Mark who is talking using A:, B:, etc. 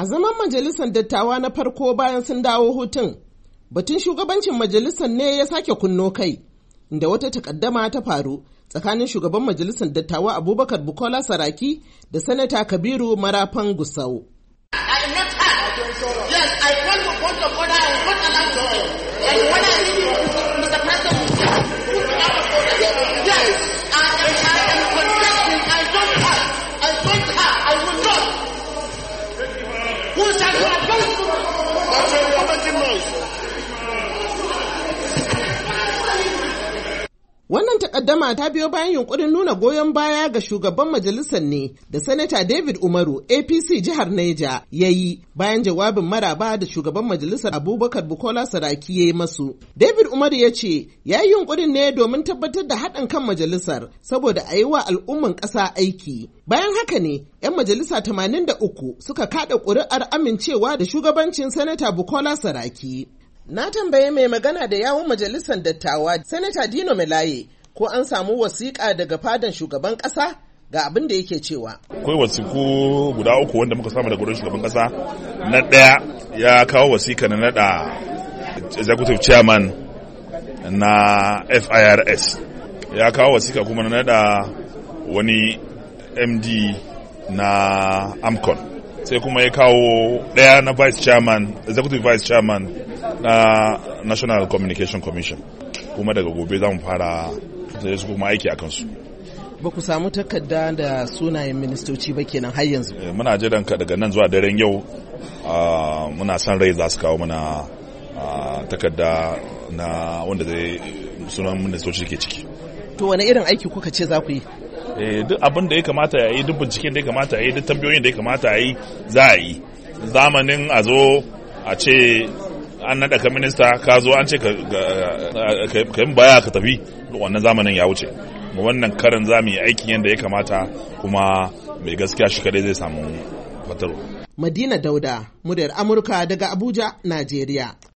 A: A zaman majalisar dattawa na farko bayan sun dawo hutun, batun shugabancin majalisar ne ya sake kunno kai, da wata takaddama ta faru tsakanin shugaban majalisar dattawa Abubakar Bukola Saraki da Sanata Kabiru Marafan Gusau. Muita graça.
B: Mas foi como de nós.
A: mukaddama ta biyo bayan yunkurin nuna goyon baya ga shugaban majalisar ne da sanata David Umaru APC jihar Neja ya yi bayan jawabin maraba da shugaban majalisar Abubakar Bukola Saraki ya yi masu. David Umaru ya ce ya yi yunkurin ne domin tabbatar da haɗin kan majalisar saboda a yi wa al'umman ƙasa aiki. Bayan haka ne 'yan majalisa tamanin da uku suka kaɗa ƙuri'ar amincewa da shugabancin sanata Bukola Saraki. Na tambaye mai magana da yawun majalisar dattawa Sanata Dino Melaye ko an samu wasiƙa daga fadan shugaban ƙasa ga abin da yake cewa.
B: Akwai wasiku guda uku wanda muka samu daga wurin shugaban ƙasa. Na ɗaya ya kawo wasiƙa na naɗa executive chairman na FIRS. Ya kawo wasiƙa kuma na naɗa wani MD na AMCON. sai kuma ya kawo ɗaya na vice chairman executive vice chairman na national communication commission kuma daga gobe za mu fara da su kuma aiki a kansu
A: ba ku samu takarda da sunayen ministoci ba kenan har yanzu
B: eh, muna jiran ka daga nan zuwa daren yau ah, muna son rai za su kawo mana ah, takarda na wanda zai sunan ministoci ke ciki
A: to wani irin aiki kuka ce za
B: ku yi eh, duk abin da ya kamata ya yi duk binciken da ya kamata ya yi duk tambayoyin da ya kamata ya yi za a yi zamanin a zo a ce an naɗa ka minista ka zo an ce ka yi baya ka tafi wannan zamanin ya wuce wannan karin za mu yi aiki yadda ya kamata kuma mai gaskiya shi kadai zai samu fatarwa.
A: Madina Dauda, muryar Amurka daga Abuja, Najeriya.